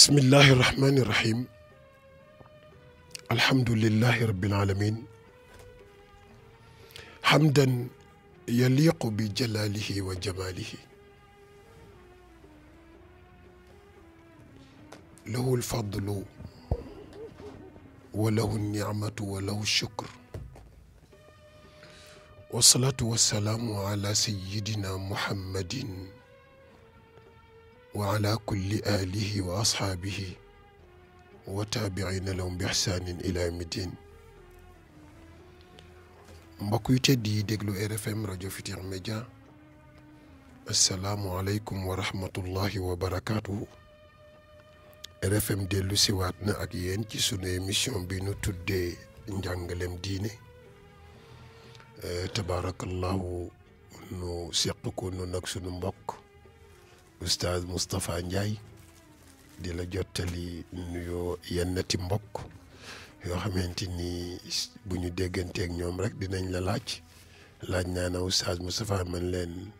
بسم الله الرحمن الرحيم الحمد لله رب العالمين حمدا يليق بجلاله وجماله له الفضل وله النعمه وله الشكر والصلاه والسلام على سيدنا محمد وعلى كل آله وأصحابه وتابعين لهم بإحسان إلى يوم الدين مباكو يتدي دقلو إرفم رجو فتير ميجا السلام عليكم ورحمة الله وبركاته RFM délu ci wat na ak yeen ci sunu émission bi nu tuddé الله diiné euh tabarakallah nu sékku nu nak sunu mbokk أستاذ مصطفى نجاي دي لا جوتالي نيو ينتي مبوك يو خامتيني بونيو ديغنتيك نيوم رك دي نان لا لاج لاج نانا أستاذ مصطفى من لين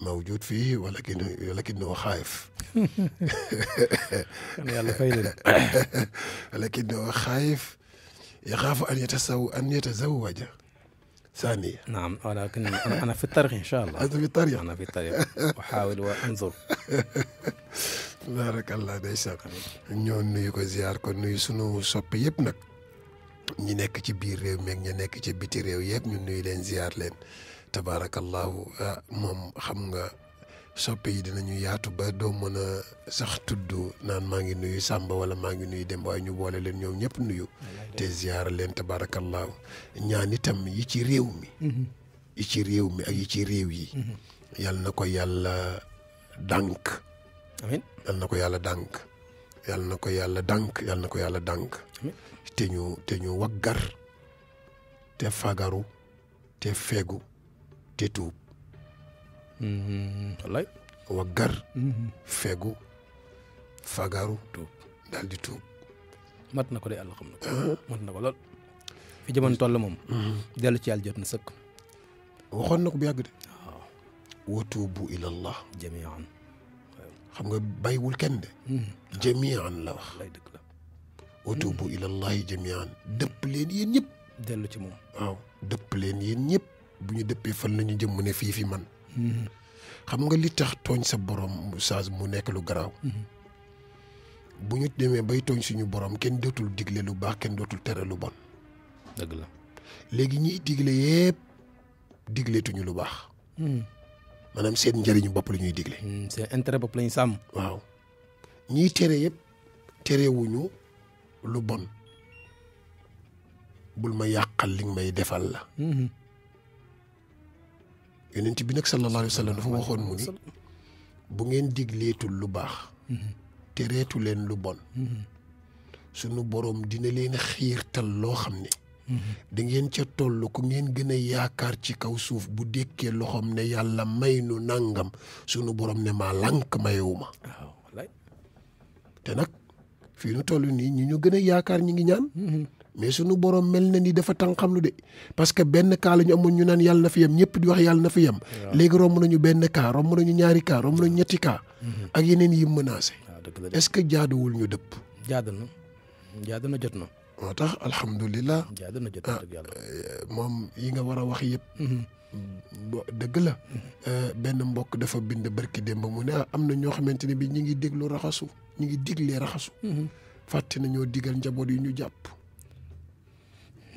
موجود فيه ولكن ولكنه خايف ولكنه خايف يخاف ان يتزوج ان يتزوج ثانية نعم ولكن أنا في الطريق إن شاء الله أنا في الطريق أنا في الطريق أحاول وأنظر بارك الله ديسك نيو نيو زيار كون نيو سونو سوب ييب نك ني نيك سي بير ريو ميك ني نيك سي بيتي ريو ييب ني نيو لين زيار لين تبارك الله آه، موم خمغا آه، soppe yi dinañu yaatu ba doo mën a sax tudd naan maa ngi nuyu sàmba wala maa ngi nuyu Demba waaye ñu woole leen ñoom ñëpp nuyu te ziyaara leen tabaarakallaahu ñaan itam yi ci réew mi mhm. yi ci réew mi ak yi ci réew yi mhm. yal na ko yàlla dànk amiin na ko yàlla dànk yal na ko yàlla dànk yal na ko yàlla dànk te ñu te ñu waggar te fagaru te fegu te tuub والله وقر فيغو توب دال توب مات نكو دي الله مات نكو لول في جمان طول موم دال تي الجوت نسك وخون نكو بيغ دي وتوبوا الى الله جميعا خمغا باي ول كين دي جميعا لا واخ لاي دك xam nga li tax tooñ sa borom saas mu nekk lu garaaw. bu ñu demee bay tooñ suñu borom kenn dootul digle lu baax kenn dootul tere lu bon. dëgg la léegi ñiy digle yépp digleetuñu lu baax. Hmm. maanaam seen njëriñu bopp la ñuy digle. Hmm, seen intérêt bopp la sàmm. waaw ñiy tere yépp terewuñu lu bon bul ma yàqal li may defal la. Hmm. yonent bi nag sallallahu alayhi wa sallam dafa waxoon mu ni bu ngeen digleetul lu baax te reetu leen lu bon sunu boroom dina leen xiirtal loo xam ne da ngeen ca toll ku ngeen gëna yaakaar ci kaw suuf bu dékkee loxoom ne yàlla may nu nàngam sunu boroom ne maa lànk mayewuma te nag fii nu toll nii ñu ñu gën yaakaar ñi ngi ñaan mais sunu borom mel na ni dafa tànqamlu de parce que benn cas la ñu amoon ñu naan yàlla na fi yem ñëpp di wax yàlla na fi yem. léegi romb nañu benn cas romb nañu ñaari cas romb nañu ñetti kaa mm-hmm. ak yeneen yi menacé. est-ce que jaaduwul ñu dëpp. jaadu na jaadu na jot na. moo tax alhamdulilah. jaadu na jot na ah, euh, moom yi nga war a wax yëpp. Mm-hmm. Mm, bo dëgg la mm-hmm. euh, benn mbokk dafa bind barki démb mu ne am na ñoo xamante ne bi ñu ngi déglu raxasu ñu ngi diglee raxasu. fàtte nañoo digal njaboot yi ñu jàpp.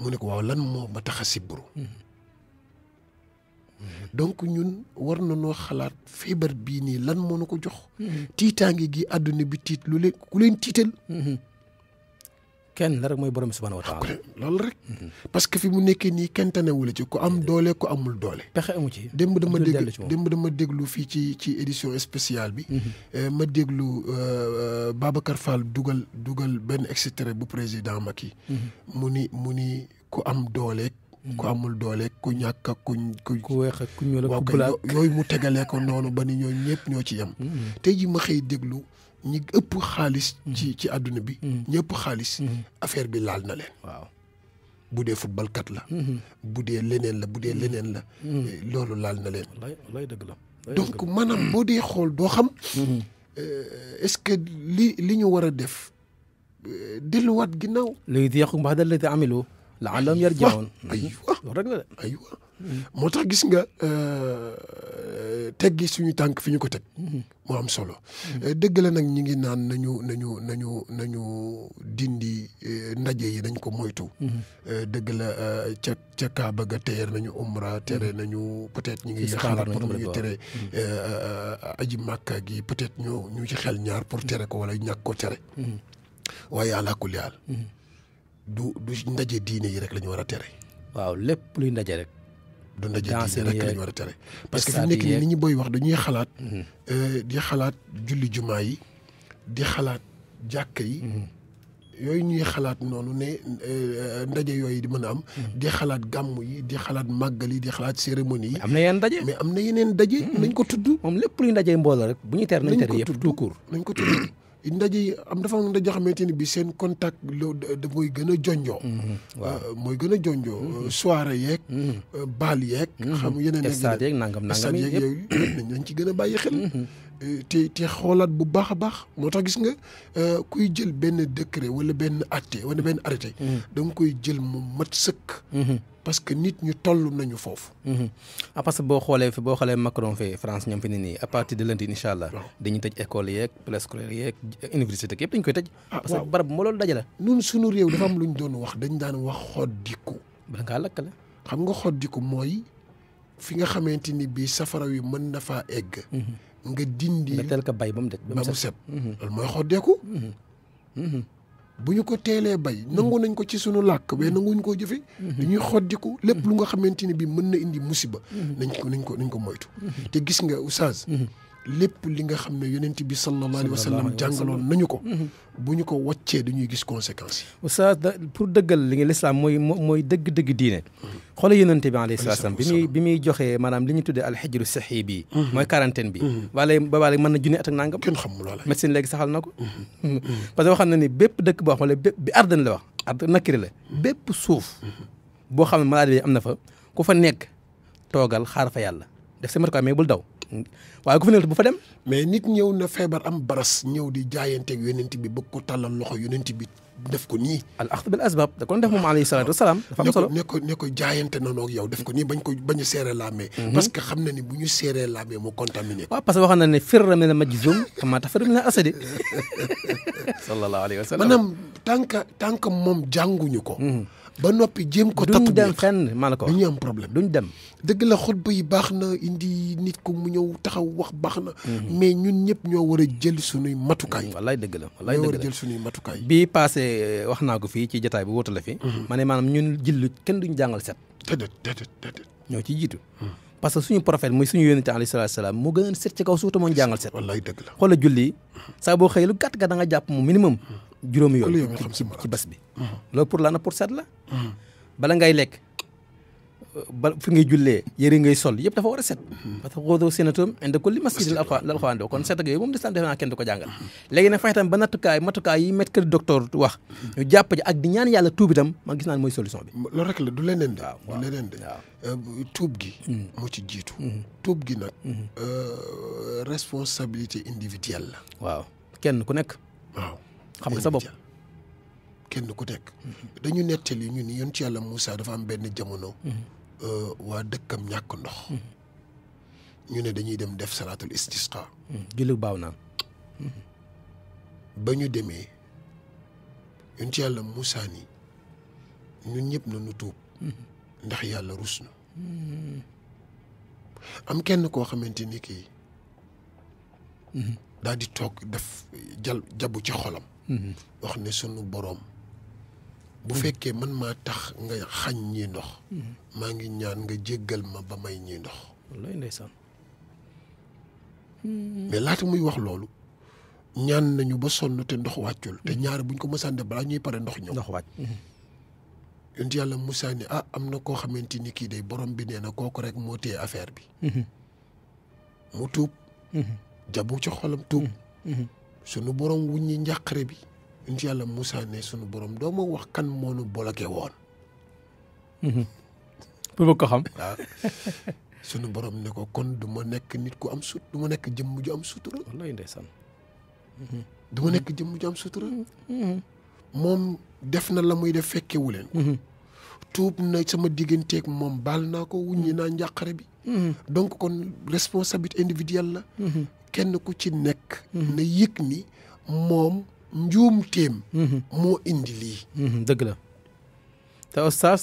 mu ne ko waaw lan moo ma tax a sibburu mhm. mhm. donc ñun war na noo xalaat feebar bii nii lan moo na ko jox mhm. tiitaange gi àdduna bi tiit lu leen ku leen tiital kenn la rek mooy borom subhanahu wa taala loolu rek. parce que fi mu nekkee nii kenn tanewul ci ku am doole ku amul doole. pexe amu ci démb dama dégg démb dama déglu fii ci ci édition spéciale bi. Mhm. Euh, ma déglu euh, euh, Babacar Fall dugal dugal benn extrait bu président Macky. Mhm. mu ni mu ni ku am doole. ku mhm. amul doole ku ñàkk ak kuñ. ku weex ak ku ñuul ak yooyu mu tegalee ko noonu ba ni ñoo ñëpp ñoo ci yem. tey ji ma xëy déglu. ñi ëpp xaalis. Mm-hmm. ci àdduna bi. Mm-hmm. ñi ëpp xaalis. Mm-hmm. affaire bi laal na leen. waaw bu dee football kat la. bu dee leneen la bu dee leneen la. Eh, loolu laal na leen. lay dëgg la donc maanaam boo dee xool doo xam. Eh, est-ce que li li ñu war a def eh, delluwaat ginnaaw. léegi di yàqu mbaa dal la la alam yar moo tax gis nga euh, teggi suñu tànk fi ñu ko teg. Mm-hmm. moo am solo. Euh, dëgg la nag ñu ngi naan nañu nañu nañu nañu dindi euh, ndaje yi nañ ko moytu. Mm-hmm. dëgg la ca ca Kaaba ga teer nañu umra tere mm-hmm. nañu peut-être ñu ngi. xalaat pour ñu tere aji màkka gi peut-être ñu ñu ci xel ñaar pour tere ko wala ñàkk ko tere. waaye ala kulli du du ndaje diine yi rek lañu war a tere. waaw lépp luy ndaje rek. du ndaje diine rek lañ war a tere parce que fi mu nekk nii nit ñi booy wax dañuy xalaat mhm. euh, di xalaat julli jumaa yi di xalaat jàkka yi mhm. yooyu ñuy xalaat noonu ne euh, ndaje yooyu di mën a am. Mhm. di xalaat gàmm yi di xalaat màggal yi di xalaat cérémonie yi. am na yeneen ndaje mais am na yeneen ndaje. nañ ko tudd moom lépp luy ndaje mbooloo rek bu ñu teer nañ tere yëpp tout court nañ ko tudd. ndaje yi am dafa am ndaje xamante ni bi seen contact da mooy gën a jonjoo mm-hmm. waaw euh, mooy gën a jonjoo mm-hmm. euh, soirée yeeg mm-hmm. euh, baal yeeg xam yeneen stade yeeg nangam nangam yeeg yooyu nañ dañ ci gën a bàyyi xel te te xoolaat bu baax a baax moo tax gis nga kuy jël benn décret wala benn atte wala benn arrêté da koy jël mu mat sëkk parce que nit ñu toll nañu foofu. ah parce que boo xoolee fi boo xoolee Macron fee France ñoom fi ne nii à partir de lundi incha allah. dañuy tëj école yeeg préscolaire yeeg université yëpp dañ koy tëj. ah parce que barab moo loolu dajale. ñun suñu réew dafa am lu ñu doon wax dañ daan wax xoddiku. bala ngaa lakkale. xam nga xoddiku mooy fi nga xamante ni safara wi mën na faa egg. Mhm. nga dindi nga teel ko bay ba mu set ba mu set. Mhm. loolu mooy xoddeeku. Mhm. bu ñu ko teelee bay mm-hmm. nangu nañ ko ci sunu làkk mais mm-hmm. nanguñ koo jëfe mm-hmm. dañuy xoddiku lépp lu nga xamante ni bii mën na indi musiba nañ ko nañ ko nañ ko moytu te gis nga oustaz lépp li nga xam ne yonent bi sallallahu alayhi wa sallam jàngaloon nañu ko mhm. bu ñu ko waccee dañuy gis conséquences yi pour dëggal li nga lislaam mooy mooy dëgg-dëgg diine mhm. xoola yonent bi alayhi salaam bi muy bi muy joxee maanaam li ñu tuddee alxijru saxi bi mhm. mooy quarantaine bi waale ba waale mën na junne at ak nangam kenn xamul loola médecine léegi na ko parce que xam na ni bépp dëkk boo xam ne bépp bi ardan la wax ard nakiri la bépp suuf boo xam ne maladie bi am na fa ku fa nekk toogal xaar fa yàlla def sa matukaay mais bul daw waaye ku fi nekk bu fa dem. mais nit ñëw na feebar am baras ñëw di jaayanteeg yonent bi bëgg ko tàllal loxo yonent bi def ko nii. al axd bil asbab da ko def dafa am solo ne ko ne ko jaayante na noog yow def ko nii bañ ko bañ a seeree laamee. Mhm. parce que xam na ni bu ñu seeree laamee mu contaminé. waaw parce que waxoon na ne firra mina majzum kama tafirru mina asadi. sallallahu alayhi wa sallam maanaam tant que tant moom jànguñu ko. Mhm. ba noppi jéem ko tatu duñ dem fenn maa la ko wax ñu problème duñ dem. dëgg la xutba yi baax na indi nit ko mu ñëw taxaw wax baax na. Mhm. mais ñun ñëpp ñoo war a jël sunuy matukaay. Mhm, wallaay dëgg la wallaay dëgg la ñoo war a jël sunuy matukaay. bii passé euh, wax naa ko fii ci jataay bi wóotu la fi. Mhm. ma ne maanaam ñun jillu kenn duñ jàngal set. déedéet déedéet ñoo ci jiitu. parce que suñu prophète muy suñu yonente ali sallallahu alayhi wasallam mo gëna set ci kaw suuf te moo jàngal set. wallaay dëgg la xoolal julli sa bo xey lu gàtt ga da nga japp mu minimum. juroom yoon ci bas bi. lo pour la na pour set la. Hmm. bala ngay lek ba fi ngay jullee yëri ngay sol yëpp dafa war a set parce que xóodoo sénatum inde ko li masjidil alxuraan kon mm-hmm. set ak yooyu moom lislaam defe naa kenn du ko jàngal léegi nag fexe tam ba nattukaay matukaay yi médecin docteur wax ñu jàpp ji ak di ñaan yàlla tuub itam man gis naa ne mooy solution bi loolu rek la du leneen de du leneen de euh, tuub gi mm-hmm. moo ci jiitu mm-hmm. tuub gi nag euh, responsabilité individuelle la waaw kenn ku nekk waaw xam nga sa bopp kenn ku nekk dañu nettali ñu ni yoon ci yàlla Moussa dafa am benn jamono Euh, waa dëkkam ñàkk ndox hmm. ñu ne dañuy dem def salaatul istisqa hmm. julli baaw naan hmm. ba ñu demee ñun ci yàlla Musaa ni ñun ñëpp na tuub ndax yàlla rus na am kenn koo xamante ni kii daal di toog def jal jabu ci xolam wax ne sunu boroom bu fekke man ma tax nga xagn ñi ndox mm-hmm. ma ngi ñaan nga jéggal ma ba may ñi ndox wallaay ndaysan mm-hmm. mais laata muy wax loolu ñaan nañu ba sonn te ndox wàccul te ñaar buñ ko mësaan def ñuy pare ndox ñëw ndox wàcc mm-hmm. yent yàlla Moussa ni ah am na koo xamante ni kii day borom bi nee na kooku rek moo téye affaire bi mu tuub jabu ci xolam tuub sunu borom ñi njàqare bi ñu ci yàlla Moussa ne sunu borom doo ma wax kan moo nu bloqué woon. Mhm. pour bëgg ko xam. Ah. sunu borom ne ko kon du ma nekk nit ku am sut du ma nekk jëmm ju am sutura. wallaay ndeysaan. Mhm. du nekk jëmm ju am sutura. Mhm. moom def na la muy def fekkewu leen. tuub na sama digganteeg moom baal naa ko wuññi naa njàqare bi. donc kon responsabilité individuelle la. kenn ku ci nekk. na yëg ni moom. نجوم تيم مو اندي لي دقلا تا استاذ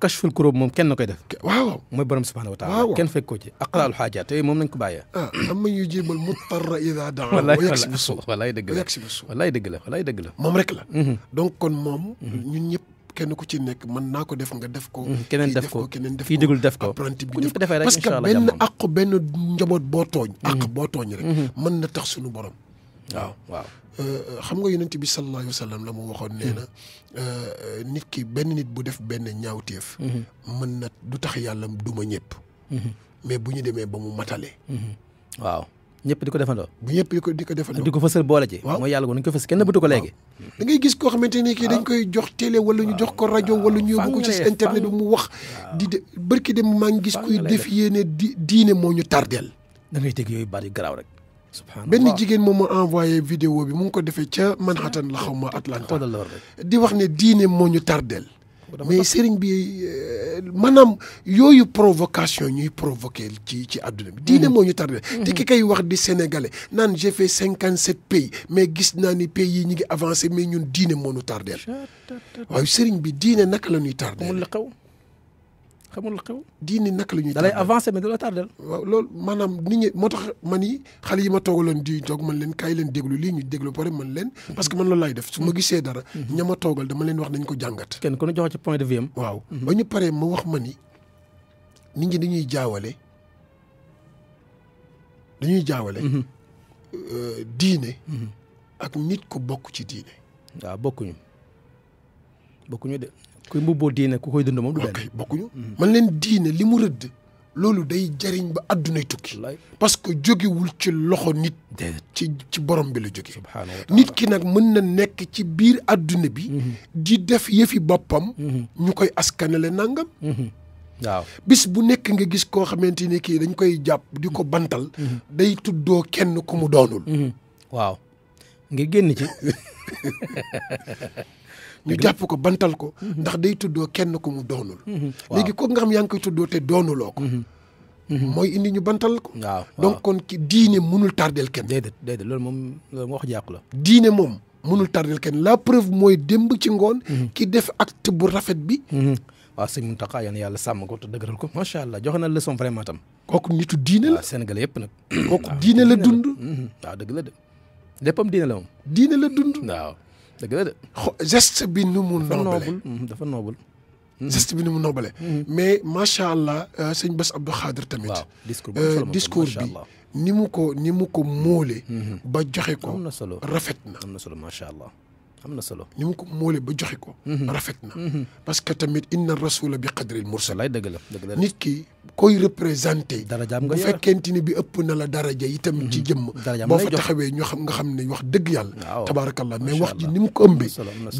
كشف الكروب ممكن نقيده واو مو برم سبحانه وتعالى كان في كوجي اقرا الحاجات اي ممكن كبايا اما يجيب المضطر اذا دعا ويكشف الصوت والله يدقلا ويكشف الصوت والله يدقلا والله يدقلا موم رك لا دونك كون موم نين نيب كان كو تي نيك من ناكو ديف nga ديف كو كينن ديف كو كينن ديف في ديغول ديف كو ابرانتي بي ديف كو باسكو بن اكو بن نجوبوت بوتوغ اك بوتوغ رك من تخ سونو بروم واو واو Euh, xam nga yonent bi sallallahu alayhi wa sallam la mu waxoon nee na euh, nit ki benn nit bu def benn ñaawteef. Mhm. mën na du tax yàlla duma ñëpp. Mhm. mais bu ñu demee ba mu matale. Mhm. waaw ñëpp di ko defandoo. bu ñëpp di ko di ko defandoo. di ko fësal boole ci. waaw mooy yàlla ko nañ ko fës kenn bëtu ko léegi. ngay gis koo xamante ne kii dañ koy jox télé wala ñu jox ko rajo wala ñu yóbbu ko ci internet bi mu wax. di de barki dem maa ngi gis kuy def yéene di diine moo ñu tardeel. da ngay dégg yooyu baat yu garaaw rek. benn jigéen moom ma envoyé vidéo bi mu ngi ko defee ca Manhattan la xaw ma Atlanta di wax ne diine moo ñu tardeel mais sëriñ bi euh, maanaam yooyu provocation ñuy provoquer ci ci àdduna bi diine mm. moo ñu tardé. Mm. te ki kay wax di sénégalais naan j'ai fait cinquante sept pays mais gis naa ni pays yi ñu ngi avancé mais ñun diine moo ñu tardé waaye sëriñ bi diine naka la ñuy tardel xamul xew diine naka la ñuy da lay avancé mais du la tardel waaw loolu maanaam nit ñi moo tax man yi xale yi ma toogaloon di toog man leen kaay leen déglu lii ñu déglu pare man leen mm-hmm. parce que man loolu laay def su ma mm-hmm. gisee dara mm-hmm. ña ma toogal dama leen wax nañ ko jàngat kenn ku ne joxe ci point de vue am waaw ba ñu paree ma wax man yi nit ñi dañuy jaawale dañuy jaawale euh, diine ak nit ku bokk ci diine waaw bokkuñu bokkuñu de kuy mbubboo diine ku koy dund moom du benn bokkuñu man leen diine li mu rëdd loolu day jariñ ba àddunay tukki parce que jógewul ci loxo nit ci ci borom bi la jóge nit ki nag mën na nekk ci biir àdduna bi mhm. di def yëfi boppam mhm. ñu koy askanale nangam mhm. waaw bis bu nekk nga gis koo xamante ni kii dañ koy jàpp di ko bantal day tuddoo kenn ku mu doonul waaw nga génn ci ñu jàpp ko bantal ko. Mhm. ndax day tuddoo kenn ku mu doonul. Mhm. léegi ko nga xam yaa ngi koy tuddoo te doonuloo ko. Mhm. mooy indi ñu bantal ko. waaw donc kon ki diine mënul tardel kenn. déedéet déedéet loolu moom loolu wax jàpp la. diine moom mënul tardel kenn la preuve mooy démb ci ngoon. ki def acte bu rafet bi. waaw sëñ Mountakha yéen yàlla sàmm ko te dëgëral ko macha allah joxe na leçon vraiment tam. kooku nitu diine la waaw Sénégal yëpp nag. kooku diine la dund. waaw dëgg la de. léppam diine la moom. diine la dund. waaw dëgg la de. geste bi nu mu. noble dafa noble geste bi nu mu nobale. mais macha allah sëñ Bass Abdou Khadre tamit. waaw discours bi ni mu ko ni mu ko moole. ba joxe ko am na solo rafet na. am na solo macha allah am na solo. ni mu ko moole ba joxe ko. rafet na. parce que tamit inna rasula bi qadri al mursal. wallaay dëgg la dëgg la nit ki. koy représenté bu fekkente ni bi ëpp na la daraja itam mhm. ci jëmm boo fa taxawee ñoo xam nga xam ne wax dëgg yàlla tabaarakallah mais wax ji ni mu ko ëmbee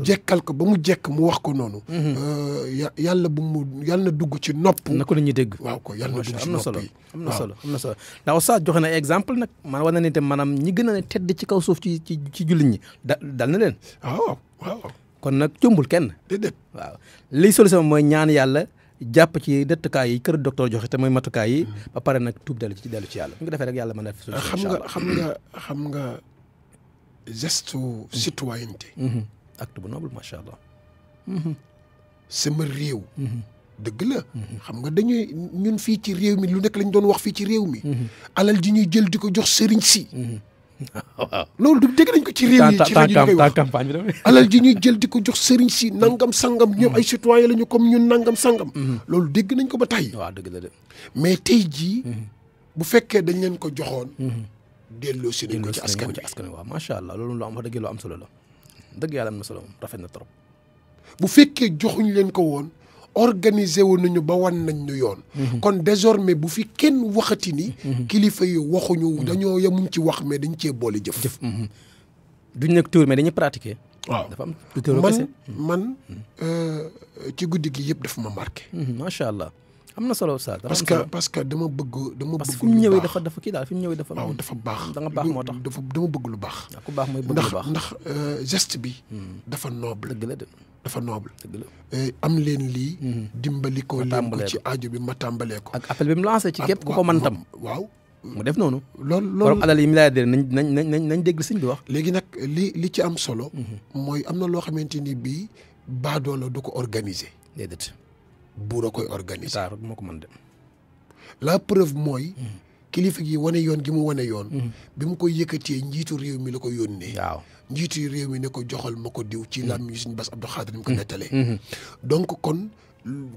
jekkal ko ba mu jekk mu wax ko noonu mhm. euh, yàlla bu mu yàlla na dugg ci nopp na ko nit dégg waaw ko yàlla na dugg ci nopp yi am na solo am na solo ndax oustaz joxe na exemple nag man war na ne itam maanaam ñi gën a tedd ci kaw suuf ci ci ci jullit ñi da dal na leen waaw waaw kon nag jombul kenn déedéet waaw liy solution mooy ñaan yàlla japp ci dëttukaay yi kër docteur joxe te mooy matukaay yi mm-hmm. ba pare nag tuub dellu ci dellu ci yàlla bu ñu ko defee rek yàlla mën na xam nga xam nga xam nga geste mm-hmm. citoyenneté mm-hmm. acte bu noble macha allah sama réew dëgg la xam nga dañuy ñun fii ci réew mi lu nekk lañ doon wax fii ci réew mi alal ji ñuy jël di ko jox sëriñ si waaw loolu du dégg nañ ko ci réew yi ci rajo yi koy wax campagne bi alal ji ñuy jël di ko jox sëriñ si mm. nangam sangam ñoom ay mm. citoyen lañu comme ñun nangam sangam mm-hmm. loolu dégg nañ ko ba tey waaw dëgg la mais tey jii mm-hmm. bu fekkee dañ leen ko joxoon mm-hmm. delloo si nañ ko ci askan ci askan waaw macha allah loolu lu am wax dëgg lu am solo la dëgg yàlla am na solo rafet na trop bu fekkee joxuñ leen ko woon organiser wu nañu ba wan nañ ñu yoon. Mhm. kon désormais bu fi kenn waxati ni. Mhm. kilifa yi waxuñu mhm. dañoo yemuñ ci wax mais dañ cee boole jëf. jëf duñ nag tuur mais dañuy pratiquer. waaw dafa am man man euh, ci guddi gi yëpp daf ma marqué. macha allah. am na solo Oustaz parce que parce que dama bëgg dama bëgg parce que fi mu ñëwee dafa dafa kii daal fi mu ñëwee dafa waaw dafa baax da baax moo tax dafa dama bëgg lu baax ku baax mooy bëgg lu baax ndax euh, gest bi hmm. dafa noble dëgg la dem dafa noble dëgg euh, am leen lii hmm. dimbali ko leen ko ci bi ma tàmbalee ko ak appel bi mu lancé ci képp ku ko mën tam waaw mu def noonu loolu loolu borom alal yi milliardaire nañ nañ nañ nañ dégg sëñ bi wax léegi nag li li ci am solo hmm. mooy am na loo xamante ni bii baadoola du ko organiser déedéet buur a koy organiser taar moo ko mën dem la preuve mooy hmm. kilifa gi wane yoon gi mu wane yoon hmm. bi mu ko yëkkatee njiitu réew mi la ko yónnee waaw njiitu réew mi ne ko joxal ma ko diw ci hmm. làmmiñu Sëñ Bass Abdou Khadre ni ko nettalee donc kon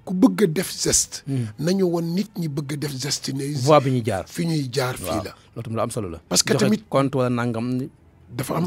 ku bëgg def geste nañu won nit ñi bëgg def geste ne voie bi ñuy jaar fi ñuy jaar fii la loolu tam lu solo la parce que tamit compte wala nangam dafa am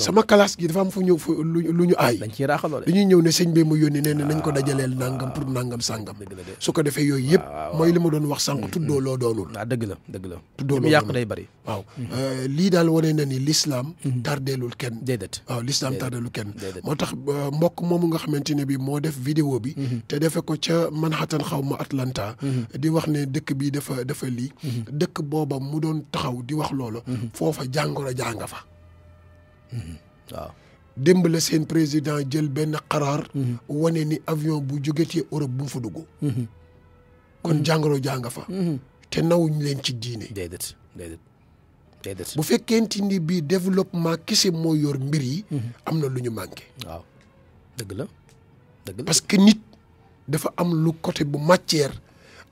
sama classe gi dafa am fu ñëw fu lu ñu aay dañ ciy raaxaloo de dañuy ñëw ne sëñ bi mu yónni nee ne nañ ko ah. dajaleel nangam pour nangam sàngam su ko defee yooyu yëpp ah, mooy li ma doon wax sànq mm, tuddoo mm. loo doonul waaw ah, dëgg la dëgg la tuddoo loo day bari waaw mm. euh, lii daal wane na ni l'islam tardeelul kenn déedéet waaw l'islam tardeelul kenn moo tax euh, mbokk moomu nga xamante ne bi moo def vidéo bi mm-hmm. te defe ko ca Manhattan xaw ma Atlanta mm-hmm. di wax ne dëkk bi dafa dafa lii mm-hmm. dëkk boobam mu doon taxaw di wax loolo foofa jàngoro jànga fa waaw démb la seen président jël benn xaraar mhm. wane ni avion bu jóge ci Europe bu mu fa dugg mhm. kon jàngoro jànga fa mhm. te nawuñ leen ci diine déedéet déedéet déedéet bu fekkente ni bii développement kese moo yor mbir yi am na lu ñu manqué waaw la dëgg parce que nit dafa am lu côté bu matière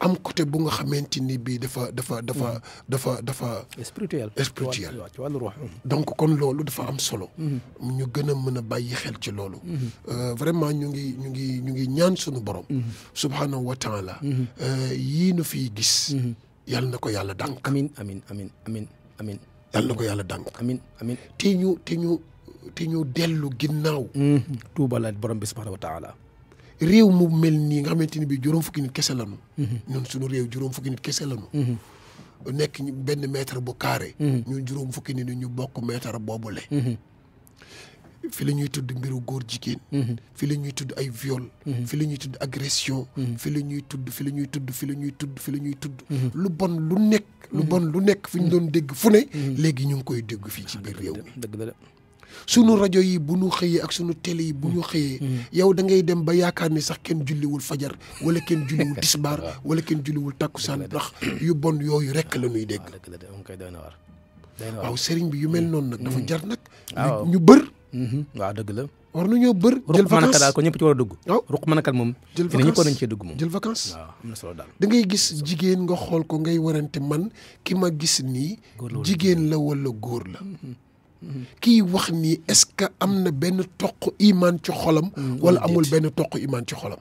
am côté bu nga xamante ni bii dafa dafa dafa mm. dafa dafa. spirituel spirituel. Mm-hmm. donc kon loolu dafa am solo. mu mm-hmm. ñu gën a mën a bàyyi xel ci loolu. Mm-hmm. Euh, vraiment ñu ngi ñu ngi ñu ngi ñaan sunu borom. subhanahu wa taala. Euh, yii nu fiy gis. yàlla na ko yàlla dànk. amin amin amin amin amin. yàlla na ko yàlla dànk. amin amin te ñu te ñu te ñu dellu ginnaaw. tuubalaat borom bi subhanahu wa taala. réew mu mel nii nga xamante ni bii juróom fukki nit kese lanu mhm. ñun suñu réew juróom fukki nit kese lañu. Mhm. nekk benn mètre bu carré. Mhm. ñun juróom fukki nit ñu bokk mètre boobule. fi lañuy tudd mbiru góor jigéen. fi la ñuy tudd ay viol. fi la ñuy tudd agression. fi la ñuy tudd fi la ñuy tudd fi la ñuy tudd fi la ñuy tudd. lu bon lu nekk. lu bon lu nekk fi ñu doon dégg fu ne. léegi ñu ngi koy dégg fii ci biir ah, réew mi. sunu rajo yi bu ñu xëyee ak sunu télé yi bu ñu xëyee. Mm. Mm. yow da ngay dem ba yaakaar ni sax kenn julliwul fajar wala kenn julliwul tisbaar wala kenn julliwul takkusaan ndax yu bon yooyu rek la ñuy dégg. Ah, waaw sëriñ bi yu mel mm. noonu nag. dafa jar nag. Ah, ñu bër. Mm-hmm. waaw dëgg la. war nañoo bër jël vacance daal ko ñëpp ci war a dugg waaw oh. ruq mënakat moom jël vacance ñëpp war nañ cee dugg moom jël vacance waaw am na solo daal da ngay gis jigéen nga xool ko ngay warante man ki ma gis nii jigéen la wala góor la mm-hmm. kiy wax nii est-ce que am na benn toq imaan ci xolam. Mm, wala amul benn toq imaan ci xolam.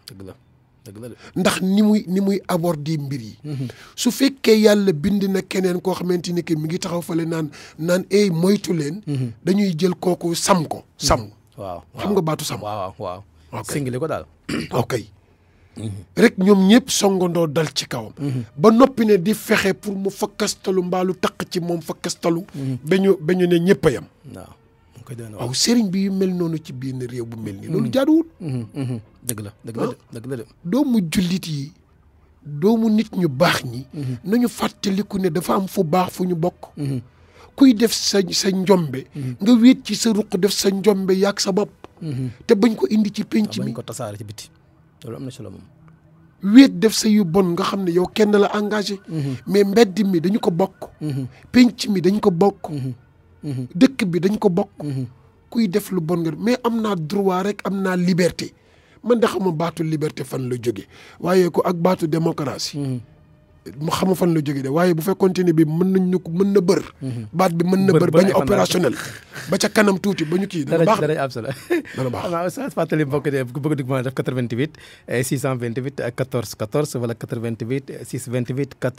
ndax ni muy ni muy aborder mbir yi. Mm-hmm. su fekkee yàlla bind na keneen koo xamante ni ki mi ngi taxaw fale naan naan eh, moytu leen. Mm-hmm. dañuy jël kooku sam ko sam. Mm-hmm. waaw xam nga baatu sam. waaw ko daal. ok. rek ñoom ñëpp songandoo dal ci kawam. ba noppi ne di fexe pour mu fakkastalu mbaalu taq ci moom fakkastalu. ba ñu ba ne ñëpp a yem. waaw mu sëriñ bi mel noonu ci biir réew bu mel nii. loolu jaaduwul. dëgg la dëgg la ah. dëgg doomu jullit yi doomu nit ñu baax ñi. nañu fàttaliku ne dafa am fu baax fu ñu bokk. kuy def sa sa njombe. nga wéet ci sa ruq def sa njombe yaak sa bopp. Mm-hmm. te bañ ko indi ci penc ah, mi bañ ko tasaare ci biti. loolu am na solo moom. wéet def sa yu bon nga xam ne yow kenn la engagé. Mm-hmm. mais mbedd mi dañu ko bokk. Mm-hmm. penc mi dañu ko bokk. Mm-hmm. dëkk bi dañ ko bokk. kuy def lu bon nga mais am naa droit rek am naa liberté man de xamuma baatu liberté fan la jóge waaye ko ak baatu démocratie. mu xama fan la jógee de waaye bu fekkoon ne bi mën na bër. Mhm. baat bi mën na bër bañ opérationnel. ba ca kanam tuuti ba ñu kii dana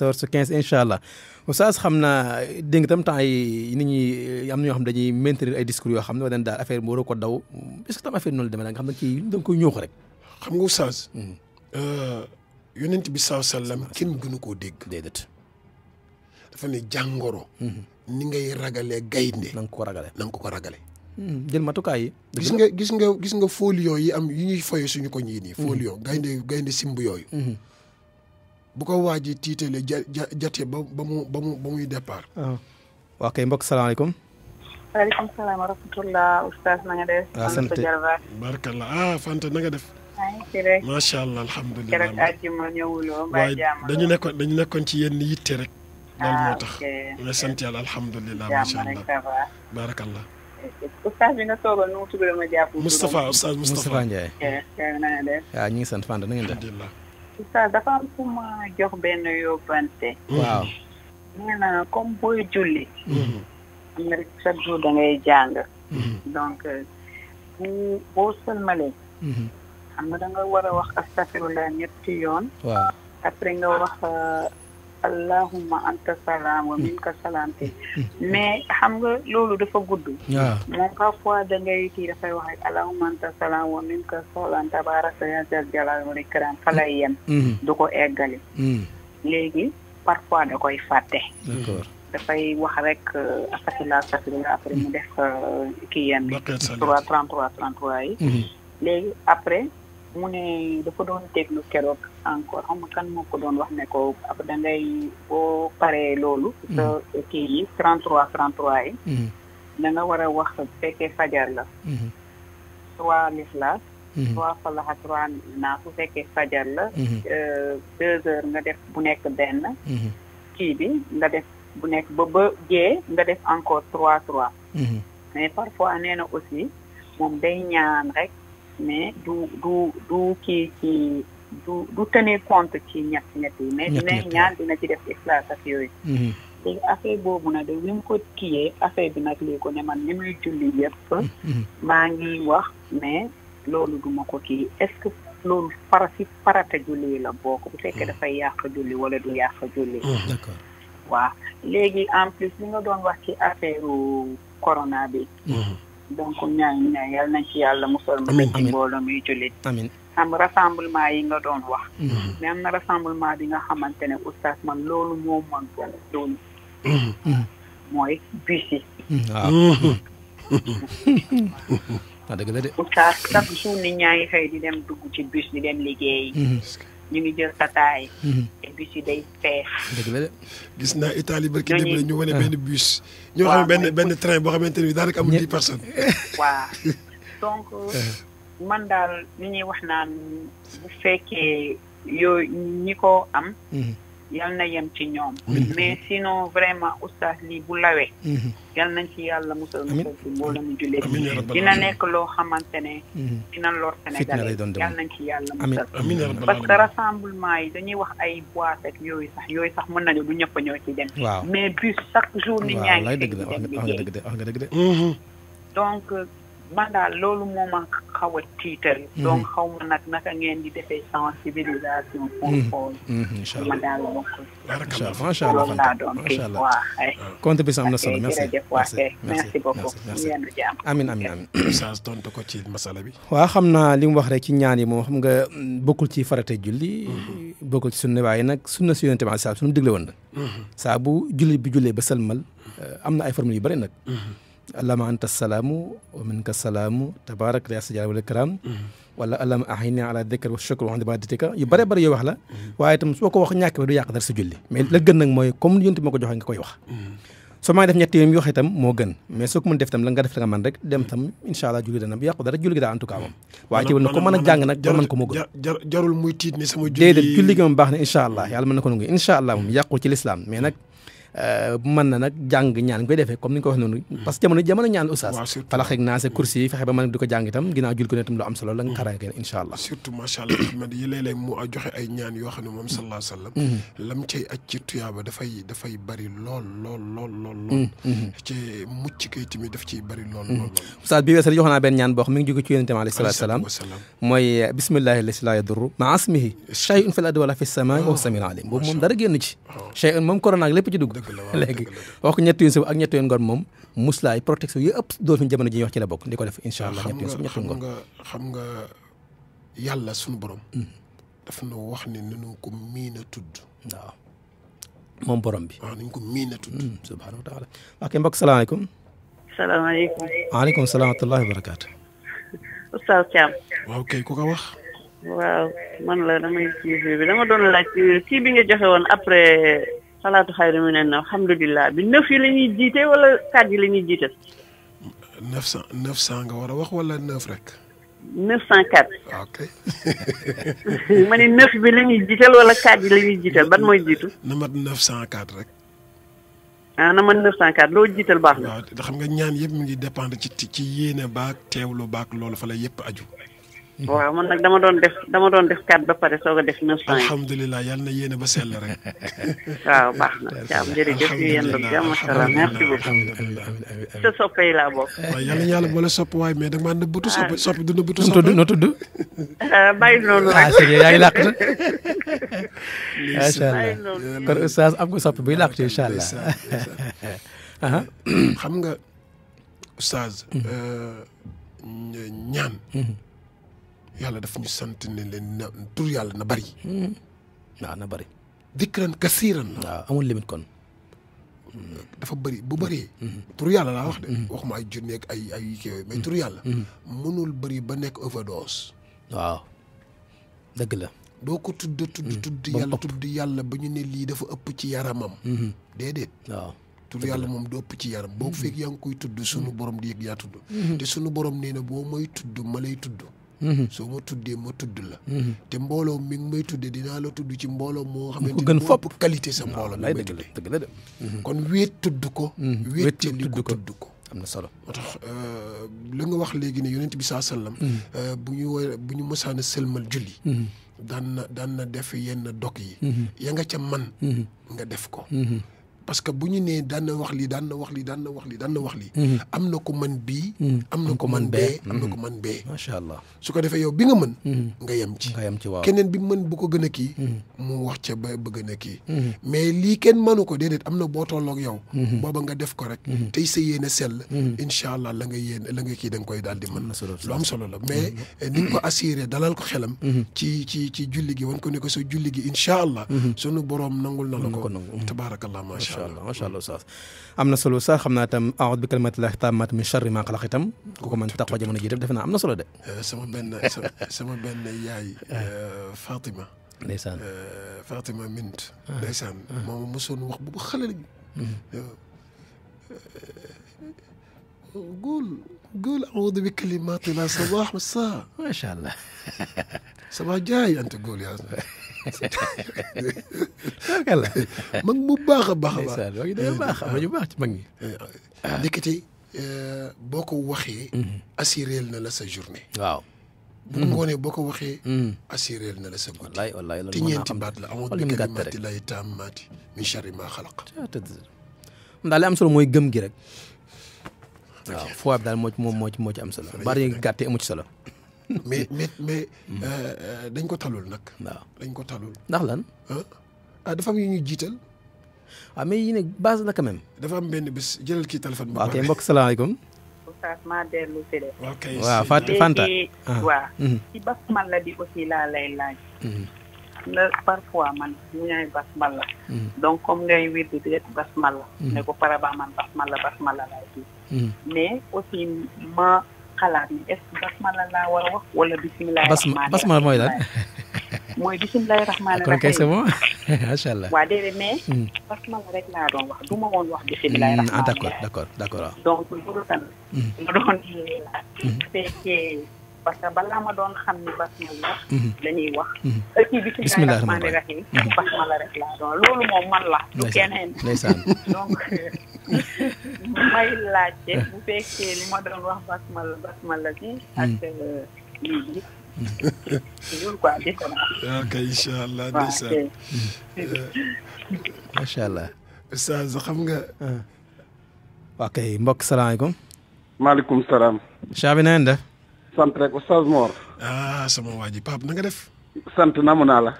baax dana xam naa dégg nga tam temps yi ñi eh, am na ñoo xam dañuy maintenir ay discours yoo xam ne daal affaire bi waroo ko daw est tam affaire noonu la demee da xam ne kii da rek. yonent bi saw sallam kenn gënu ko dégg. déedéet. dafa ni jangoro mhm. ni ngay ragalee gaynde. nang ko ragale nang ko ragale. Mhm. jël matuka yi. gis nga gis nga gis nga folio yi am yi ñuy foyee suñu ko ñi ni mhm. folio gaynde gaynde simbu yoy bu ko waji a tiitalee ba ba mu ba mu ba muy départ. wa ah. kay mbokk salaamaaleykum. alaykum salaam wa rahmatulah ustaz nga def. Ah, sant ah Fanta na nga def. macha allah alhamdulilah waaye dañu nekkoon dañu nekkoon ci yenn yitte rek. Ah, loolu moo tax mais sant yàlla alhamdulilah macha allah baarakallah. bi nga toogoon nu mu tudd ma jàpp. Moustapha oustaz Moustapha Ndiaye. waaw ah, ñu ngi sant Fane na ngeen def. alhamdulilah. dafa am fu ma jox benn yóbbante. Mm-hmm. waaw. nee na comme booy julli. Mm-hmm. am na ngay jàng. Mm-hmm. donc euh, boo sëlmalee. xam nga da nga war a wax astafirullah ñetti yoon. waaw après nga wax. Euh, allahumma anta salaam wa minka salaam te mais xam nga loolu dafa gudd moom parfois da ngay kii dafay wax rek allahumma anta salaam wa minka salaam tabaraka ya zal jalal wal ikram lay yem mm-hmm. du ko eggali mm-hmm. léegi parfois da koy fàtte dafay wax rek euh, astafirullah la après mu def euh, kii yem trois trente trois trente trois yi mm-hmm. léegi après mu ne dafa doon teglu keroog encore xam kan moo ko doon wax ne ko ak da ngay boo paree loolu mm. sa kii yi 33 33 trente trois yi e. mm. da nga war a wax fekkee fajar la trois mm-hmm. lislas mm-hmm. trois falaxa trois naa su fekkee fajar la mm-hmm. e, deux heures nga def bu nekk benn kii bi nga def bu nekk ba ba jee nga def encore trois trois mais parfois nee na aussi moom day ñaan rek mais du du du kii ci du du tenir compte ci ñett ñett yi mais dina ñaan dina ci def ixlaas ak yooyu léegi mhm. affaire boobu nag de li mu ko kiyee affaire bi nag lii ko ne man ni muy julli yëpp mhm. maa ngi wax mais loolu duma ko kii est-ce que loolu fara si farata julli la ko bu fekkee mhm. dafay yàq julli wala du yàq julli d'accord waaw léegi en plus li nga doon wax ci affaire corona bi donc ñaan ñaan yal nañ ci yàlla musal ma ci mbooloo muy jullit amiin am rassemblement yi nga doon wax mm-hmm. mais am na rassemblement bi nga xamante ne oustaz man loolu moo mën bon doon mm-hmm. mooy bus a waaw wax dëgg la de oustaz chaque jour nit ñaa di dem dugg ci bus di dem liggéey mm-hmm. ñu ngi jël tataay. te bus yi day feex. gis naa Italie barki démb la ñu wane ah. benn bus. ñoo xam benn benn train boo bi daal daanaka amul dix personnes. waaw donc ah. man daal li ñuy wax naan bu fekkee yoo ñi ko am. Mhm. yal na yem ci ñoom mais sinon vraiment oustaz lii bu lawee mhm. yal nañ ci yàlla musal musal ci mboolem jullit dina nekk loo xamante ne mhm. dina lor Sénégal yal nañ ci yàlla musal parce que rassemblement yi dañuy wax ay boîte ak yooyu sax yooyu sax mën nañu du ñëpp ñoo ci dem mais bus chaque jour nit ñaa nga dëgg de mhm. donc man daal loolu moo ma xaw a tiital. Mhm. xaw ma nag naka ngeen di defee sensibilisation. Mhm. Mhm. ma daal ma ko. macha am na solo eh, merci merci beaucoup. amin amin ko ci masala bi. waaw xam naa li mu wax rek ci ñaan yi moom xam nga mm, bokkul ci farata julli. bokkul ci sunna waaye nag sunna si yonent bi saa su saa bu julli bi jullee ba sëlmal. Eh, am na ay formules yu bëri nag. اللهم انت السلام ومنك السلام تبارك يا سجاد الكرام ولا اللهم احينا على الذكر والشكر وعند عبادتك يو بري بري يو واخلا واي تم سوكو واخ نياك دو يقدر سجلي مي لا گن نك موي كوم نيونت مكو جوخ نكاي واخ سو ما ديف نيت يوم يوخ تام مو گن من ديف تام لا نغا ديف لا مان رك ديم تام ان شاء الله جولي دنا بي يقدر جولي دا انتو كام واي تي ونكو مانا جانغ نك دو مان كو مو گن جارول موي ان شاء الله يالا مانا كو ان شاء الله يقو تي الاسلام مي Euh, mën na nag jàng ñaan koy defee comme ni nga ko wax noonu hmm. parce que jamono jamono ñaan oustaz falax ak naase kursi fexe ba mën di ko jàng itam ginnaaw jul ko ne itam lu am solo la nga hmm. xaraa allah surtout macha allah Ahmed yi léeg yoo moom sallallahu sallam hmm. lam cay aj ci tuyaaba dafay dafay bari lool lool lool lool ci bari lool bi weesal jox naa benn ñaan boo xam mi ngi jóge ci yonente mi alayhi salaatu salaam mooy fil ardi wala fis samaa'i wa huwa samiul boobu moom dara génn ci oh. shay'un moom corona ak lépp ci léegi wax ko ñetti yoon suba ak ñetti yoon ngoon moom muslaay protection yi ëpp dool fi jamono ji ñuy wax ci la bokk di ko def incha allah ñetti yoon suba ñetti ngoon nga xam nga yàlla suñu borom hmm. daf nu wax ne nanu ko miin a tudd waaw moom borom bi waaw nañ ko miin a hmm, wa taala ok mbokk salaamaaleykum salaamaaleykum waaleykum salaam wa barakaatu Oustaz Thiam waaw kay ku ko wax waaw man la damay ci bi dama doon laaj kii bi nga joxe woon après salaatu xayru mi ne na alhamdulilah bi neuf yi la ñuy jiite wala quatre yi la ñuy jiite. neuf cent neuf nga war a wax wala neuf rek. neuf cent quatre. Ah, ok. ma ne neuf bi la jiital wala quatre yi la jiital ban mooy jiitu. na mat neuf cent rek. ah na mat neuf cent quatre loo jiital baax na. waaw xam nga ñaan yëpp mu ngi dépendre ci ci yéene baak teewlu baak loolu fa la yëpp aju. waaw man nag dama doon def dama doon def quatre ba pare soog a def neuf cent yi. alhamdulilah na yéene ba sell rek. waaw baax na. jaam jërëjëf ñu yéen doon jàmm salaam merci beaucoup. waaw yal na yàlla boole sopp waay mais danga maa ah. sopp du nëbbatu sopp. tudd noo tudd. Ah, bàyyi noonu ah, rek ah sëñ yaa ngi làq te. macha allah kon oustaz am nga soppi buy làq te incha allah. Uh-huh. xam nga oustaz. Mm-hmm. Euh, ñaan. Mm-hmm. يالا داف ني سانت ني لن تور يالا لا نا بري ذكرا كثيرا لا امون لي كون دافا بري بو بري تور يالا لا واخ دي واخ ما اي جورنيك اي اي كي مي تور يالا منول بري با نيك اوفر دوس واو دغ لا دوكو تود تود تود يالا تود يالا با ني ني لي دافا اوب سي يارامام ديديت واو tur yalla mom do ci yaram bok hmm. fek yang koy tuddu sunu hmm. borom di yak ya tuddu hmm. te sunu borom neena bo moy tuddu malay tuddu Mm-hmm. soo ma tuddee ma tudd la mm-hmm. te mbooloo mi ngi may tudde dinaa la tudd ci mbooloo moo xam xamante gën fopp qualité sa mbooloo mi may tudde dëgg la mm-hmm. kon wéet tudd ko wéet ci li ko tudd ko am na solo moo tax euh, li nga wax léegi ne yonent bi saa sallam euh, bu ñu woy bu ñu mosaan a sëlmal julli daan na daan na def yenn dog yi ya nga ca man nga def ko parce que bu ñu nee daan na wax lii daan na wax lii daan na wax lii daan na wax lii. Mhm. am na ko man bii. Mhm. am na ko man bee am na mhm. ko man bee. macha allah su ko defee yow bi nga mën. nga yem ci nga yem ci keneen bi mën bu ko gën a kii. mu wax ca ba bëgg na kii. mais lii kenn mënu ko déedéet am na boo tolloog yow. booba nga def ko rek. tey sa yéene sell. incha allah la yéen la nga kii da koy daal di mën. lu am solo la mais eh, ni ko assuré dalal ko xelam. ci ci ci julli gi wan ko ne ko julli gi incha allah. sunu borom nangul na la ko. tabaarakallah macha allah الله ما شاء الله استاذ امنا سولو صاح خمنا تام اعوذ بكلمه الله التامه من شر ما خلق تام كوكو من تقوى جمن جيتم دفنا امنا سولو آه، دي سما بن سما بن ياي آه. آه، فاطمه ليسان فاطمه منت ليسان ما مسون وخ بو خلل قول قول اعوذ بكلمات الله صباح مساء ما شاء الله صباح جاي انت قول يا tabarkalla mag mu baax a baax a baax mag yi dañoo baax am nañu baax ci mag ñi ah. ndekete euh, boo ko waxee mm-hmm. assuré na la sa journée waaw bu mm-hmm. ngoonee boo ko waxee mm-hmm. assuré na la sa guddi wallaay wallaay te ñeenti baat la amoo bi kalimaati lay taammaati min charri maa xalaq daal li am solo mooy gëm gi rek waaw foo ab daal moo ci moom moo ci moo ci am solo baat yi gàttee amu ci solo mais mais mais mm. euh, euh, dañ ko talul nag. waaw dañ ko talul. ndax lan. ah dafa am yu jiital. waaw ah, mais yi ne base la quand même. dafa am benn bis jëlal kii téléphone. waaw kay mbokk salaamaaleykum. Oustaz ah. mm-hmm. ci basmala bi aussi laa lay laaj. la mm-hmm. parfois man ñu ñooy basmala. Mm-hmm. mais aussi ma. xalaat ni est-ce que basmala laa war a wax wala bisimilah. rahmaani basmala mooy lan. mooy bisimilah rahmaani rahiim. kon kay c'est bon macha allah. waa déedéet mais. Hmm. basmala rek laa doon wax du ma woon wax bisimilah. Hmm, rahmaani rahiim ah d'accord d'accord d'accord. donc loolu tamit. ma hmm. doon. bu fekkee. parce que balaa ma doon xam ni basmala la mhm. ñuy wax kii mhm. bi mhm. rek laa doon loolu moom man la du keneen donc may laajte bu fekkee li ma doon wax basmala basmala bi ak euh, lii bi loolu quoi différence ok incha euh, allah ndeysaan macha allah ustaz xam nga waa ah. kay mbokk salaam caabi na sant rek ah, sama waa ji Pape na nga def. sant namu naa la.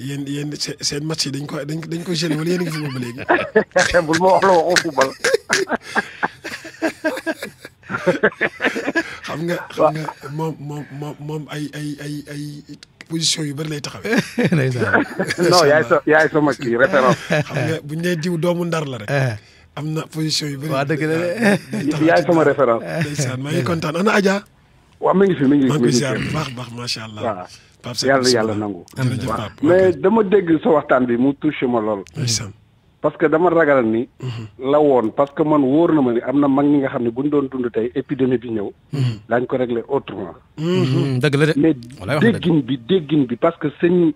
yéen yéen seen match yi dañ ko dañ ko dañ ko génn wala yéen a ngi fi ba léegi. xam nga xam nga moom moom moom moom ay ay ay position yu bëri lay taxaw yaay sa yaay sama kii référence. xam nga bu ñu diw doomu ndar la rek. Eh. am na position yu bëri. waaw dëgg la de. yaay sama référence. ndeysaan maa ngi kontaan ana Adja. waaw mi ngi fi mi ngi fi mi ngi fi baax baax macha allah. waaw yàlla yàlla nangu. waaw mais dama dégg sa waxtaan bi mu touché ma lool. parce que dama ragal ni. Mhm. la woon parce que man wóor na ma ni am na mag ñi nga xam ne bu ñu doon dund tey épidémie bi ñëw. Mhm. daañu ko régler autrement. Mhm. dëgg la de mais déggin bi déggin bi parce que sëñ.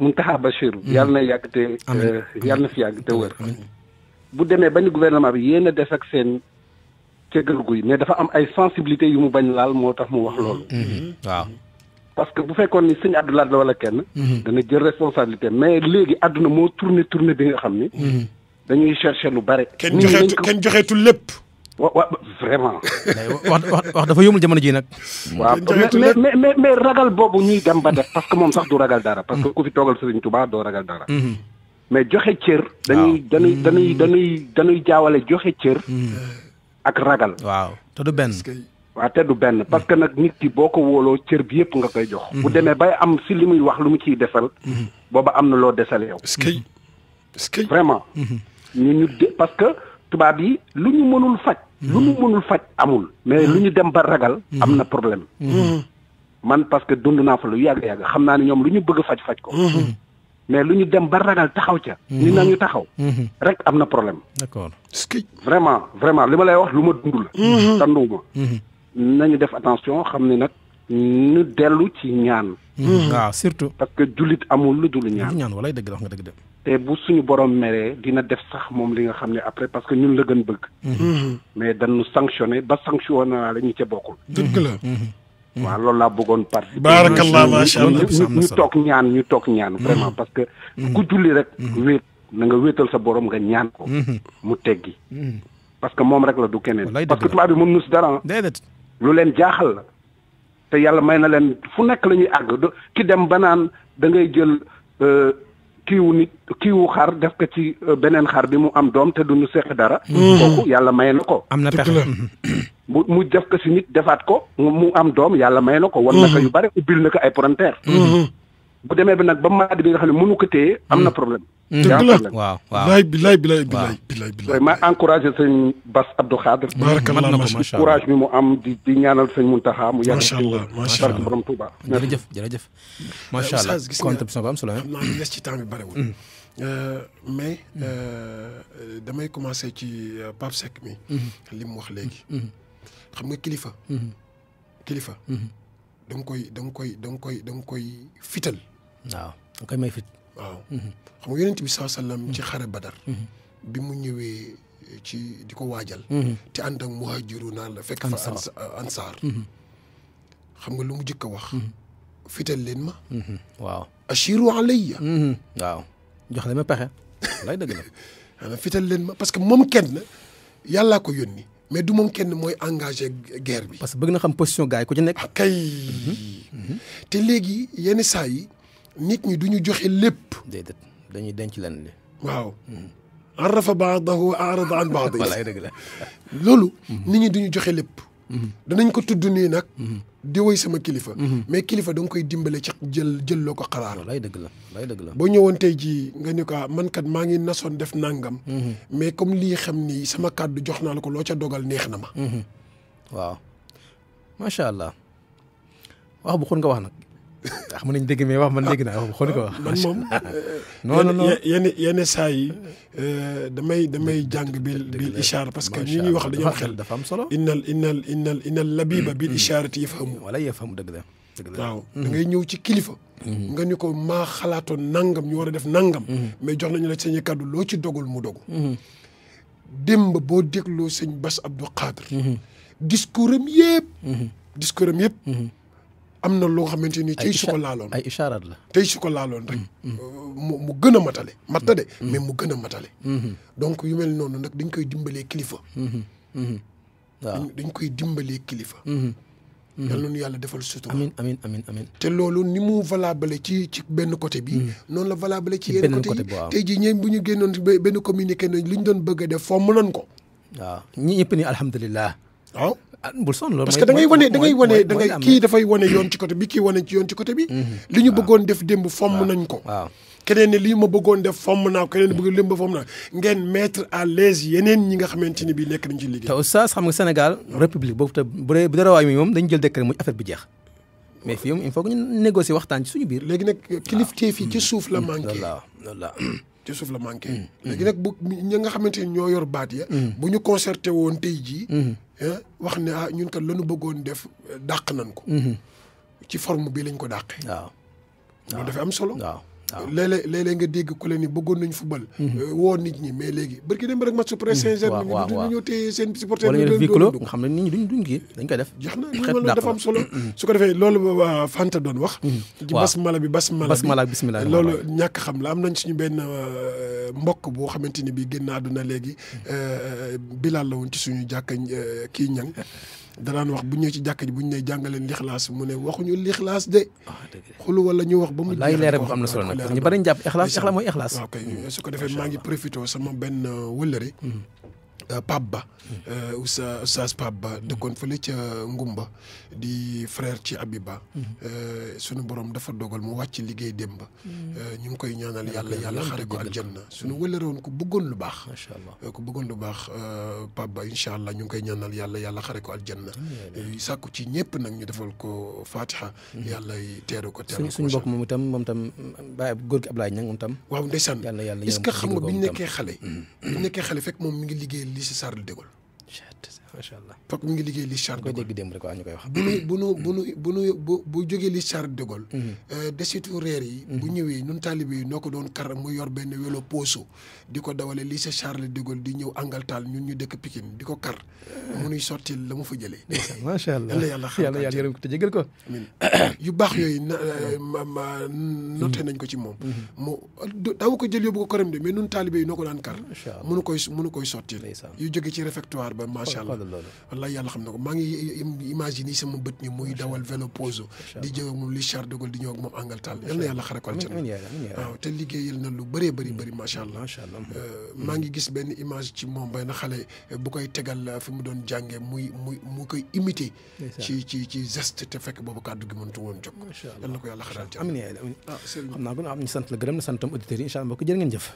Mountakha euh, Bachir. yàlla na yàgg te. Euh, yàlla na fi yàgg te wër. bu demee ba ni gouvernement bi yéen a def ak seen. ceggal guy mais dafa am ay sensibilité yu mu bañ laal moo tax mu wax loolu mhm. Mhm. waaw parce que bu fekkoon ni sëñ Abdou Lahad la wala kenn mhm. dana jël responsabilité mais léegi àdduna moo tourné tourné bi nga xam ni dañuy chercher lu bare kenn joxeetu joxeetul lépp wa wa vraiment wax wax dafa yomul jamono ji nag waaw mais mais mais ragal boobu ñuy dem ba def parce que moom sax du ragal dara parce que ku fi toogal Sëriñ Tuubaa doo ragal dara mais joxe cër dañuy dañuy dañuy dañuy dañuy jaawale joxe cër ak ragal. waaw te du benn. waaw te du benn parce que nag nit ki boo ko wooloo cër bi yëpp nga koy jox. Mhm. bu demee bay am si li muy wax lu mu ciy desal. Mhm. booba am na loo desal yow. est-ce que mhm. vraiment. ñu ñu de parce que tubaab yi lu ñu mënul faj. lu ñu mënul faj amul. mais lu ñu dem ba ragal. am na problème. man parce que dund naa fa lu yàgg yàgg xam naa ne ñoom lu ñu bëgg faj faj ko. mais lu ñu dem ba ragal taxaw ca. ni mhm. nañu taxaw. Mhm. rek am na problème. d'accord vraiment vraiment li ma lay wax lu ma dund la. Mhm. tànduwuma. nañu def attention xam ne nag ñu dellu ci ñaan. waaw ah, surtout. parce que jullit amul lu dul ñaan. ñaan walaay dëgg la wax nga dëgg de. te bu suñu borom meree dina def sax moom li nga xam ne après parce que ñun la gën bëgg. mais dañu sanctionné ba sanctionné la ñu ca bokkul. dëgg la. waaw loolu laa bëggoon participer. baarakallah macha allah ñu toog ñaan ñu toog ñaan. Mm-hmm. vraiment parce que. Mm-hmm. ku julli rek. Mm-hmm. wéet na nga wéetal sa borom nga ñaan ko. mu teggi. parce que moom rek la du keneen. parce que tubaab bi mën nu si dara déedéet lu leen jaaxal la. te yàlla may na leen fu nekk lañuy ñuy àgg ki dem ba naan da ngay jël. Euh, kiiwu nit kiiwu xar def ko ci euh, beneen xar bi mu am doom te duñu seq dara. Mm. Mm. kooku yàlla may na ko. am na pexe mm-hmm. mu mu def ko si nit defaat ko mu am doom yàlla may na ko. wan na ko mm. yu bare ubbil na ko ay frontière. bu démé bi nak ba maadi bi nga xamné mënu ko téé amna problème dëgg la waaw waaw bilaay bilaay bilaay bilaay bilaay bilaay ma encouragé sëñ Bass Abdou Khadre barakallah macha courage bi mu am di di ñaanal sëñ Muntaxa mu yàgg macha allah macha allah borom Touba jërëjëf jërëjëf macha allah contribution bu am solo xam naa ci temps bi barewul mais damay commencé ci Pape Seck mi li wax léegi xam nga kilifa kilifa da koy da koy da koy da koy fital waaw nga may fit. waaw mhm. xam nga yonent bi saa sallam ci mhm. xare badar mhm. bi mu ñëwee eh, ci di ko waajal. te ànd ak muhajiruna la fekk fa ansaar eh, xam nga lu mu jëkk a wax. fital leen ma. waaw ashiru alayya. waaw jox la ma pexe lay dëgg la. fital leen ma parce que moom kenn yàllaa ko yónni mais du moom kenn mooy engagé guerre bi. parce que bëgg na xam position gars yi ci nekk. Ah, kay. te léegi yenn saa yi. nit ñi du ñu joxe lépp. déedéet dañuy denc lan li waaw. Hmm. arafa baadahu arada an baadi. walaay dëgg la loolu. nit ñi du ñu joxe lépp. Hmm. danañ ko tudd nii nag. Hmm. di woy sama kilifa. mais kilifa da koy dimbale ci jël jël loo ko xalaat. walaay dëgg la walaay dëgg la. boo ñëwoon tey jii nga ni ko ah, man kat maa ngi nasoon def nangam. mais comme lii xam ni sama kàddu jox naa la ko loo ca dogal neex na ma. waaw macha allah wax bu xun nga wax nag. ndax mën nañ dégg mais wax man dégg naa waxu xool ko wax. man moom non non non yenn yenn saa yi damay damay jàng bil bil ishaar parce que ñi ñuy wax dañoo am xel dafa am solo. innal innal innal innal labiba bil ishaarati yafhamu. wala yafhamu dëgg la dëgg la waaw da ngay ñëw ci kilifa. nga ni ko maa xalaatoon nangam ñu war a def nangam. mais jox nañu la sañu kàddu loo ci dogul mu dogu. démb boo dégloo sëñ Bass Abdou Khadre. discours am yëpp. discours am yëpp. am na loo xamante ni tey su ko laaloon ay isharaat la tey su ko laaloon rek mm, mm. Euh, mu gën a matale mat na de mm, mais mu gën a matale mm-hmm. donc yu mel noonu nag dañ koy dimbalee kilifa mm-hmm. Mm-hmm. waaw dañ koy dimbalee kilifa yàlla nu yàlla defal sutura amiin amiin amiin amiin te loolu ni mu valable ci ci benn côté bi noonu la valable ci yenn côté yi tey jii ñeen bu ñu génnoon benn communiqué nañ li ñu doon bëgg a def foo mënoon ko waaw ñi ñëpp ni alhamdulilah waaw ah. ah bul sonn loolu parce que da ngay wane da ngay wane da ngay kii dafay wane yoon ci côté bi kii wane ci yoon ci côté bi. Mm-hmm. li ñu bëggoon def démb fomm nañ ko. waaw keneen ne lii ma bëggoon def fomm naa ko keneen bëgg limba fomm naa ngeen mettre à l'aise yeneen ñi nga xamante ni bii nekk nañ ci liggéey. te oustaz xam nga Sénégal république boobu te bu dee bu dee rawaay mi moom dañu jël décret mu affaire bi jeex. mais fii moom il faut que ñu négocier waxtaan ci suñu biir. léegi nag kilifteef yi ci suuf la mm-hmm. manqué. ci suuf la manqué. Mm-hmm. léegi nag bu ñi nga xamante ni ñoo yor baat ya bu ñu concerté woon tey jii Eh, wax ne ah ñun kat lañu bëggoon def eh, dàq nañ ko. Mhm. ci forme bii lañ ko dàqee. waaw loolu dafa am solo. waaw léeg-léeg léeg nga dégg ku leen ni bëggoon nañu football mhm. euh, woo nit ñi mais léegi barki dem rek match su Paris mhm. Saint-Germain ñu ñëw téye seen supporter wala nga xam ne nit ñi duñ duñ kii dañ koy def jeex na loolu dafa am solo mhm. su ko defee loolu euh, Fanta doon wax ci mala bi basmala mala bismillah euh, loolu ñàkk xam la am nañ suñu benn mbokk boo xamante ni bi génn àdduna léegi Bilal la woon ci suñu jàkka kii ñang danaan wax bu ñëw ci jàkk ji bu ñu ne jàngaleen lixlaas mu ne waxuñu lixlaas de xulu wala ñu wax ba mu laay leer bu am na solo nag ñu bari ñu jàpp ixlaas ixlaas mooy ixlaas su ko defee maa ngi profité sama benn wëllëre hmm. euh, Pape Ba Euh, oustaz Oustaz Pape Ba dëkkoon fële ca Ngumba di frère ci Abiba. Mhm. Euh, sunu borom dafa dogal mu wàcc liggéey démb. Mhm. Euh, ñu ngi koy ñaanal yàlla yàlla xare ko aljanna mhm. sunu wëlëroon ku bëggoon lu baax. macha allah ku bëggoon lu baax Pape Ba incha allah ñu ngi koy ñaanal yàlla yàlla xare ko aljanna. sàkku ci ñëpp nag ñu defal ko Fatiha. yàlla teeru ko teeru ko suñu bokk moom itam moom itam bàyyi góor gi Ablaye Niang moom itam. waaw ndeysaan est-ce que xam nga bi ñu nekkee xale. bi ñu nekkee xale fekk moom mi ngi liggéey lycée Charles de Gaulle macha allah foog ñu ngi liggéey li Charles de Gaulle bu bu nu bu nu bu li Charles de Gaulle. Mhm. Euh, desitu reer yi. Mhm. bu ñëwee ñun taalibe yi noo ko doon kar mu yor benn welo pooso di ko dawale lii sa Charles de di ñëw Angaltal ñun ñu dëkk Pikine di ko kar mu nuy sottil la mu fa jëlee. macha allah yàlla yàlla xam yàlla yàlla yërëm ko te jégal yu baax yooyu na euh, ma noté mhm. nañ ko ci moom. mu daawu ko jël yóbbu ko këram de ko daan kar. macha koy mënu koy sottil yu jóge ci réfectoire ba macha allah na loolu wallaay yàlla xam na ko maa ngi imagine yi sama bët ni muy dawal vélo Pozo di jëw ak moom Richard de Gaulle di ñëw ak moom Angaltal yal na yàlla xarakal ci waaw te liggéeyal na lu bëree bëri bëri macha allah euh, maa ngi gis benn image ci moom benn xale bu koy tegal euh, fi mu doon jànge muy mu koy imité ci ci ci geste te fekk boobu kàddu gi mëntu woon jóg yal na ko yàlla xaral ci amiin yaa amiin xam naa ko am ñu sant la gërëm na santam auditeurs yi incha ngeen jëf